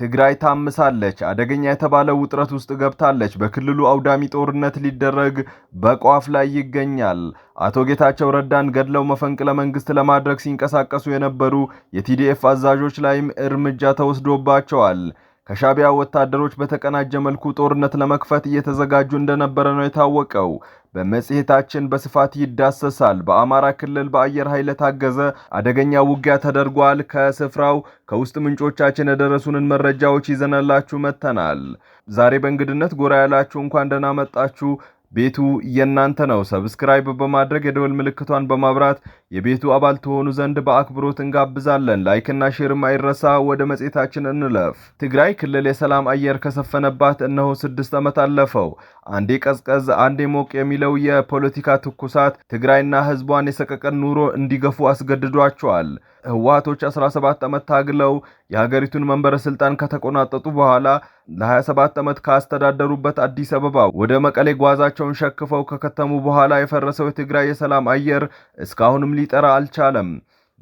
ትግራይ ታምሳለች። አደገኛ የተባለ ውጥረት ውስጥ ገብታለች። በክልሉ አውዳሚ ጦርነት ሊደረግ በቋፍ ላይ ይገኛል። አቶ ጌታቸው ረዳን ገድለው መፈንቅለ መንግስት ለማድረግ ሲንቀሳቀሱ የነበሩ የቲዲኤፍ አዛዦች ላይም እርምጃ ተወስዶባቸዋል። ከሻቢያ ወታደሮች በተቀናጀ መልኩ ጦርነት ለመክፈት እየተዘጋጁ እንደነበረ ነው የታወቀው። በመጽሔታችን በስፋት ይዳሰሳል። በአማራ ክልል በአየር ኃይል የታገዘ አደገኛ ውጊያ ተደርጓል። ከስፍራው ከውስጥ ምንጮቻችን የደረሱንን መረጃዎች ይዘነላችሁ መጥተናል። ዛሬ በእንግድነት ጎራ ያላችሁ እንኳን ደህና መጣችሁ። ቤቱ የእናንተ ነው። ሰብስክራይብ በማድረግ የደወል ምልክቷን በማብራት የቤቱ አባል ትሆኑ ዘንድ በአክብሮት እንጋብዛለን። ላይክና ሼር ማይረሳ ወደ መጽሔታችን እንለፍ። ትግራይ ክልል የሰላም አየር ከሰፈነባት እነሆ ስድስት ዓመት አለፈው። አንዴ ቀዝቀዝ አንዴ ሞቅ የሚለው የፖለቲካ ትኩሳት ትግራይና ሕዝቧን የሰቀቀን ኑሮ እንዲገፉ አስገድዷቸዋል። ህወሀቶች 17 ዓመት ታግለው የሀገሪቱን መንበረ ስልጣን ከተቆናጠጡ በኋላ ለ27 ዓመት ካስተዳደሩበት አዲስ አበባ ወደ መቀሌ ጓዛቸውን ሸክፈው ከከተሙ በኋላ የፈረሰው የትግራይ የሰላም አየር እስካሁንም ሊጠራ አልቻለም።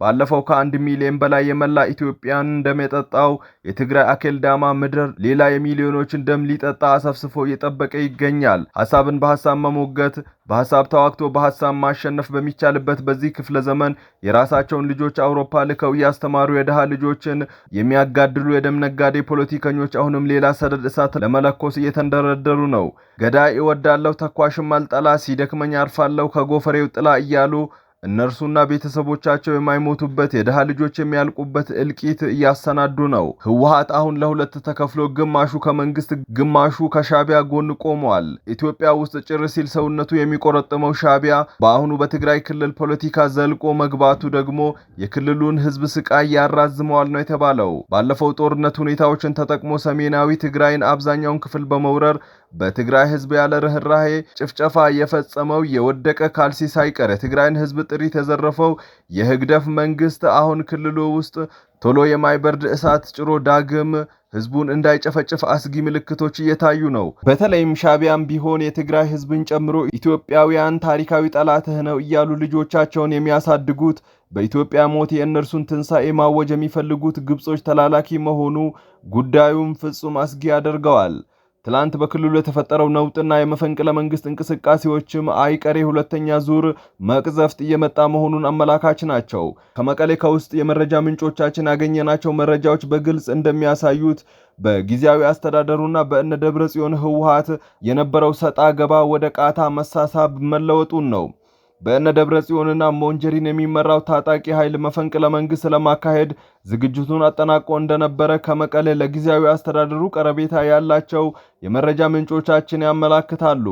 ባለፈው ከአንድ ሚሊዮን በላይ የመላ ኢትዮጵያን እንደሚጠጣው የትግራይ አኬልዳማ ምድር ሌላ የሚሊዮኖችን ደም ሊጠጣ አሰፍስፎ እየጠበቀ ይገኛል። ሀሳብን በሀሳብ መሞገት፣ በሀሳብ ተዋግቶ በሀሳብ ማሸነፍ በሚቻልበት በዚህ ክፍለ ዘመን የራሳቸውን ልጆች አውሮፓ ልከው እያስተማሩ የድሃ ልጆችን የሚያጋድሉ የደም ነጋዴ ፖለቲከኞች አሁንም ሌላ ሰደድ እሳት ለመለኮስ እየተንደረደሩ ነው። ገዳይ እወዳለሁ፣ ተኳሽም አልጠላ፣ ሲደክመኝ አርፋለሁ፣ ከጎፈሬው ጥላ እያሉ እነርሱና ቤተሰቦቻቸው የማይሞቱበት የድሃ ልጆች የሚያልቁበት እልቂት እያሰናዱ ነው። ህወሀት አሁን ለሁለት ተከፍሎ ግማሹ ከመንግስት ግማሹ ከሻቢያ ጎን ቆመዋል። ኢትዮጵያ ውስጥ ጭር ሲል ሰውነቱ የሚቆረጥመው ሻቢያ በአሁኑ በትግራይ ክልል ፖለቲካ ዘልቆ መግባቱ ደግሞ የክልሉን ህዝብ ስቃይ ያራዝመዋል ነው የተባለው። ባለፈው ጦርነት ሁኔታዎችን ተጠቅሞ ሰሜናዊ ትግራይን አብዛኛውን ክፍል በመውረር በትግራይ ህዝብ ያለ ርኅራሄ ጭፍጨፋ የፈጸመው የወደቀ ካልሲ ሳይቀር የትግራይን ህዝብ ጥሪ የተዘረፈው የህግደፍ መንግስት አሁን ክልሉ ውስጥ ቶሎ የማይበርድ እሳት ጭሮ ዳግም ህዝቡን እንዳይጨፈጭፍ አስጊ ምልክቶች እየታዩ ነው። በተለይም ሻቢያም ቢሆን የትግራይ ህዝብን ጨምሮ ኢትዮጵያውያን ታሪካዊ ጠላትህ ነው እያሉ ልጆቻቸውን የሚያሳድጉት በኢትዮጵያ ሞት የእነርሱን ትንሣኤ ማወጅ የሚፈልጉት ግብጾች ተላላኪ መሆኑ ጉዳዩን ፍጹም አስጊ ያደርገዋል። ትላንት በክልሉ የተፈጠረው ነውጥና የመፈንቅለ መንግስት እንቅስቃሴዎችም አይቀሬ ሁለተኛ ዙር መቅዘፍት እየመጣ መሆኑን አመላካች ናቸው። ከመቀሌ ከውስጥ የመረጃ ምንጮቻችን ያገኘናቸው መረጃዎች በግልጽ እንደሚያሳዩት በጊዜያዊ አስተዳደሩና በእነ ደብረ ጽዮን ህወሀት የነበረው ሰጣ ገባ ወደ ቃታ መሳሳብ መለወጡን ነው። በእነ ደብረ ጽዮንና ሞንጀሪን የሚመራው ታጣቂ ኃይል መፈንቅለ መንግስት ለማካሄድ ዝግጅቱን አጠናቆ እንደነበረ ከመቀሌ ለጊዜያዊ አስተዳደሩ ቀረቤታ ያላቸው የመረጃ ምንጮቻችን ያመላክታሉ።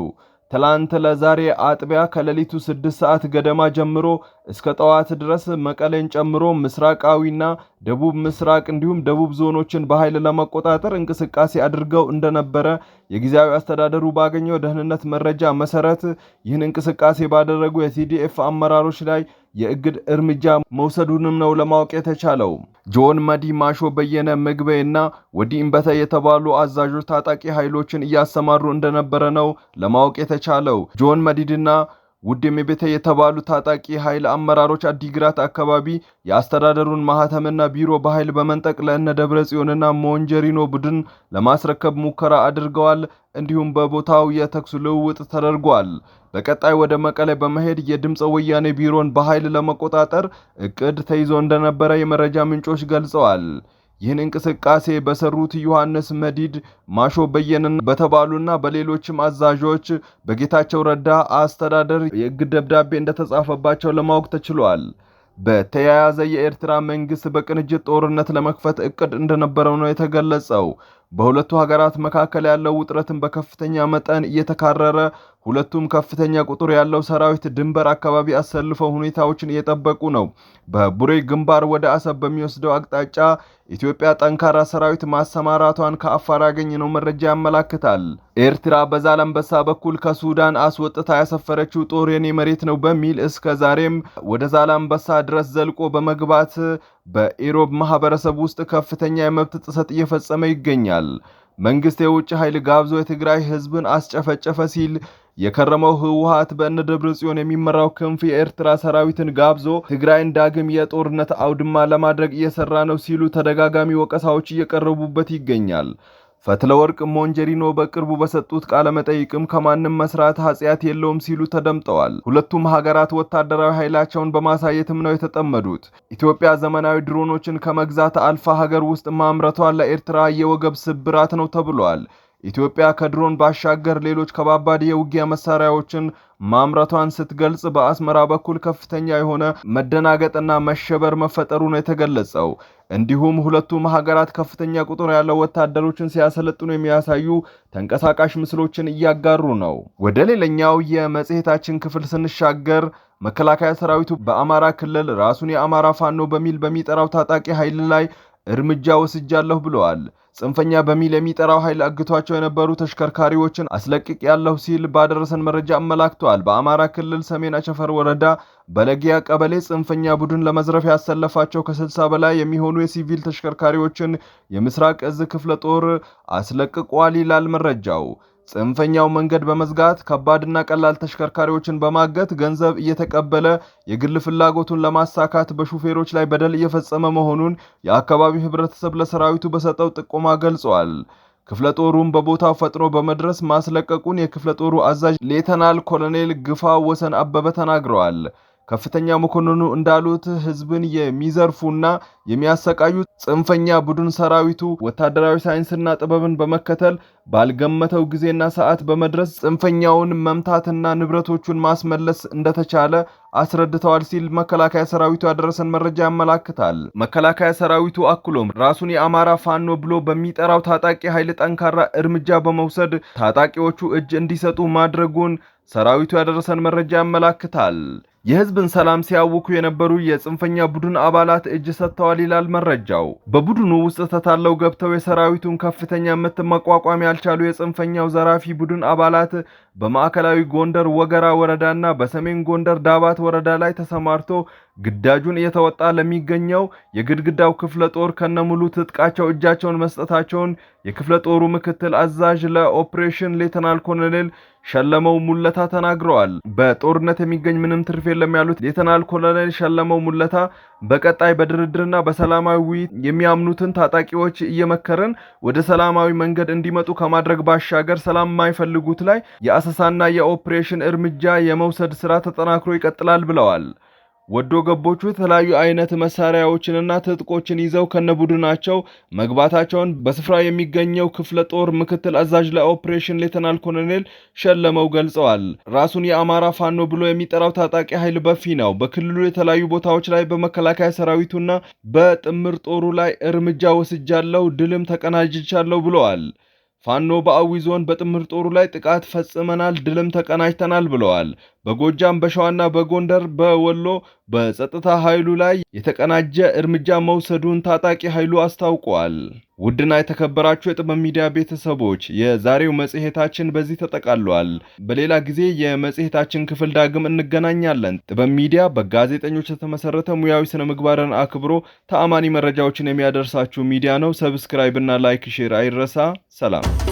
ትላንት ለዛሬ አጥቢያ ከሌሊቱ ስድስት ሰዓት ገደማ ጀምሮ እስከ ጠዋት ድረስ መቀሌን ጨምሮ ምስራቃዊና ደቡብ ምስራቅ እንዲሁም ደቡብ ዞኖችን በኃይል ለመቆጣጠር እንቅስቃሴ አድርገው እንደነበረ የጊዜያዊ አስተዳደሩ ባገኘው ደህንነት መረጃ መሰረት ይህን እንቅስቃሴ ባደረጉ የቲዲኤፍ አመራሮች ላይ የእግድ እርምጃ መውሰዱንም ነው ለማወቅ የተቻለው። ጆን መዲ ማሾ፣ በየነ ምግቤ እና ወዲ እምበተ የተባሉ አዛዦች ታጣቂ ኃይሎችን እያሰማሩ እንደነበረ ነው ለማወቅ የተቻለው። ጆን መዲድና ውድ የሚቤተ የተባሉ ታጣቂ ኃይል አመራሮች አዲግራት አካባቢ የአስተዳደሩን ማህተምና ቢሮ በኃይል በመንጠቅ ለእነ ደብረ ጽዮንና ሞንጀሪኖ ቡድን ለማስረከብ ሙከራ አድርገዋል። እንዲሁም በቦታው የተኩስ ልውውጥ ተደርጓል። በቀጣይ ወደ መቀሌ በመሄድ የድምፀ ወያኔ ቢሮን በኃይል ለመቆጣጠር እቅድ ተይዞ እንደነበረ የመረጃ ምንጮች ገልጸዋል። ይህን እንቅስቃሴ በሰሩት ዮሐንስ መዲድ፣ ማሾ በየንና በተባሉና በሌሎችም አዛዦች በጌታቸው ረዳ አስተዳደር የእግድ ደብዳቤ እንደተጻፈባቸው ለማወቅ ተችሏል። በተያያዘ የኤርትራ መንግስት በቅንጅት ጦርነት ለመክፈት እቅድ እንደነበረው ነው የተገለጸው። በሁለቱ ሀገራት መካከል ያለው ውጥረትን በከፍተኛ መጠን እየተካረረ ሁለቱም ከፍተኛ ቁጥር ያለው ሰራዊት ድንበር አካባቢ አሰልፈው ሁኔታዎችን እየጠበቁ ነው። በቡሬ ግንባር ወደ አሰብ በሚወስደው አቅጣጫ ኢትዮጵያ ጠንካራ ሰራዊት ማሰማራቷን ከአፋር ያገኘነው መረጃ ያመላክታል። ኤርትራ በዛላምበሳ በኩል ከሱዳን አስወጥታ ያሰፈረችው ጦር የኔ መሬት ነው በሚል እስከ ዛሬም ወደ ዛላምበሳ ድረስ ዘልቆ በመግባት በኢሮብ ማህበረሰብ ውስጥ ከፍተኛ የመብት ጥሰት እየፈጸመ ይገኛል። መንግስት የውጭ ኃይል ጋብዞ የትግራይ ህዝብን አስጨፈጨፈ ሲል የከረመው ህወሀት በእነ ደብረ ጽዮን የሚመራው ክንፍ የኤርትራ ሰራዊትን ጋብዞ ትግራይን ዳግም የጦርነት አውድማ ለማድረግ እየሰራ ነው ሲሉ ተደጋጋሚ ወቀሳዎች እየቀረቡበት ይገኛል። ፈትለ ወርቅ ሞንጀሪኖ በቅርቡ በሰጡት ቃለ መጠይቅም ከማንም መስራት ኃጢአት የለውም ሲሉ ተደምጠዋል። ሁለቱም ሀገራት ወታደራዊ ኃይላቸውን በማሳየትም ነው የተጠመዱት። ኢትዮጵያ ዘመናዊ ድሮኖችን ከመግዛት አልፋ ሀገር ውስጥ ማምረቷ ለኤርትራ የወገብ ስብራት ነው ተብሏል። ኢትዮጵያ ከድሮን ባሻገር ሌሎች ከባባድ የውጊያ መሳሪያዎችን ማምረቷን ስትገልጽ በአስመራ በኩል ከፍተኛ የሆነ መደናገጥና መሸበር መፈጠሩ ነው የተገለጸው። እንዲሁም ሁለቱም ሀገራት ከፍተኛ ቁጥር ያለው ወታደሮችን ሲያሰለጥኑ የሚያሳዩ ተንቀሳቃሽ ምስሎችን እያጋሩ ነው። ወደ ሌላኛው የመጽሔታችን ክፍል ስንሻገር መከላከያ ሰራዊቱ በአማራ ክልል ራሱን የአማራ ፋኖ በሚል በሚጠራው ታጣቂ ኃይል ላይ እርምጃ ወስጃለሁ ብለዋል። ጽንፈኛ በሚል የሚጠራው ኃይል አግቷቸው የነበሩ ተሽከርካሪዎችን አስለቅቅ ያለሁ ሲል ባደረሰን መረጃ አመላክተዋል። በአማራ ክልል ሰሜን አቸፈር ወረዳ በለጊያ ቀበሌ ጽንፈኛ ቡድን ለመዝረፍ ያሰለፋቸው ከ60 በላይ የሚሆኑ የሲቪል ተሽከርካሪዎችን የምስራቅ እዝ ክፍለ ጦር አስለቅቋል ይላል መረጃው። ጽንፈኛው መንገድ በመዝጋት ከባድና ቀላል ተሽከርካሪዎችን በማገት ገንዘብ እየተቀበለ የግል ፍላጎቱን ለማሳካት በሹፌሮች ላይ በደል እየፈጸመ መሆኑን የአካባቢው ህብረተሰብ ለሰራዊቱ በሰጠው ጥቆማ ገልጿል። ክፍለ ጦሩም በቦታው ፈጥኖ በመድረስ ማስለቀቁን የክፍለ ጦሩ አዛዥ ሌተናል ኮሎኔል ግፋ ወሰን አበበ ተናግረዋል። ከፍተኛ መኮንኑ እንዳሉት ህዝብን የሚዘርፉና የሚያሰቃዩ ጽንፈኛ ቡድን ሰራዊቱ ወታደራዊ ሳይንስና ጥበብን በመከተል ባልገመተው ጊዜና ሰዓት በመድረስ ጽንፈኛውን መምታትና ንብረቶቹን ማስመለስ እንደተቻለ አስረድተዋል ሲል መከላከያ ሰራዊቱ ያደረሰን መረጃ ያመላክታል። መከላከያ ሰራዊቱ አክሎም ራሱን የአማራ ፋኖ ብሎ በሚጠራው ታጣቂ ኃይል ጠንካራ እርምጃ በመውሰድ ታጣቂዎቹ እጅ እንዲሰጡ ማድረጉን ሰራዊቱ ያደረሰን መረጃ ያመላክታል። የህዝብን ሰላም ሲያውኩ የነበሩ የጽንፈኛ ቡድን አባላት እጅ ሰጥተዋል ይላል መረጃው። በቡድኑ ውስጥ ተታለው ገብተው የሰራዊቱን ከፍተኛ ምት መቋቋም ያልቻሉ የጽንፈኛው ዘራፊ ቡድን አባላት በማዕከላዊ ጎንደር ወገራ ወረዳና በሰሜን ጎንደር ዳባት ወረዳ ላይ ተሰማርቶ ግዳጁን እየተወጣ ለሚገኘው የግድግዳው ክፍለ ጦር ከነሙሉ ትጥቃቸው እጃቸውን መስጠታቸውን የክፍለ ጦሩ ምክትል አዛዥ ለኦፕሬሽን ሌተናል ኮሎኔል ሸለመው ሙለታ ተናግረዋል። በጦርነት የሚገኝ ምንም ትርፍ የለም ያሉት ሌተናል ኮሎኔል ሸለመው ሙለታ በቀጣይ በድርድርና በሰላማዊ ውይይት የሚያምኑትን ታጣቂዎች እየመከርን ወደ ሰላማዊ መንገድ እንዲመጡ ከማድረግ ባሻገር ሰላም የማይፈልጉት ላይ የአሰሳና የኦፕሬሽን እርምጃ የመውሰድ ስራ ተጠናክሮ ይቀጥላል ብለዋል። ወዶ ገቦቹ የተለያዩ አይነት መሳሪያዎችንና ትጥቆችን ይዘው ከነቡድናቸው መግባታቸውን በስፍራ የሚገኘው ክፍለ ጦር ምክትል አዛዥ ለኦፕሬሽን ሌተናል ኮሎኔል ሸለመው ገልጸዋል። ራሱን የአማራ ፋኖ ብሎ የሚጠራው ታጣቂ ኃይል በፊ ነው በክልሉ የተለያዩ ቦታዎች ላይ በመከላከያ ሰራዊቱና በጥምር ጦሩ ላይ እርምጃ ወስጃለሁ፣ ድልም ተቀናጅቻለሁ ብለዋል። ፋኖ በአዊ ዞን በጥምር ጦሩ ላይ ጥቃት ፈጽመናል፣ ድልም ተቀናጅተናል ብለዋል። በጎጃም በሸዋና በጎንደር በወሎ በጸጥታ ኃይሉ ላይ የተቀናጀ እርምጃ መውሰዱን ታጣቂ ኃይሉ አስታውቋል። ውድና የተከበራችሁ የጥበብ ሚዲያ ቤተሰቦች የዛሬው መጽሔታችን በዚህ ተጠቃሏል። በሌላ ጊዜ የመጽሔታችን ክፍል ዳግም እንገናኛለን። ጥበብ ሚዲያ በጋዜጠኞች የተመሰረተ ሙያዊ ስነ ምግባርን አክብሮ ተአማኒ መረጃዎችን የሚያደርሳችሁ ሚዲያ ነው። ሰብስክራይብና ላይክ ሼር አይረሳ። ሰላም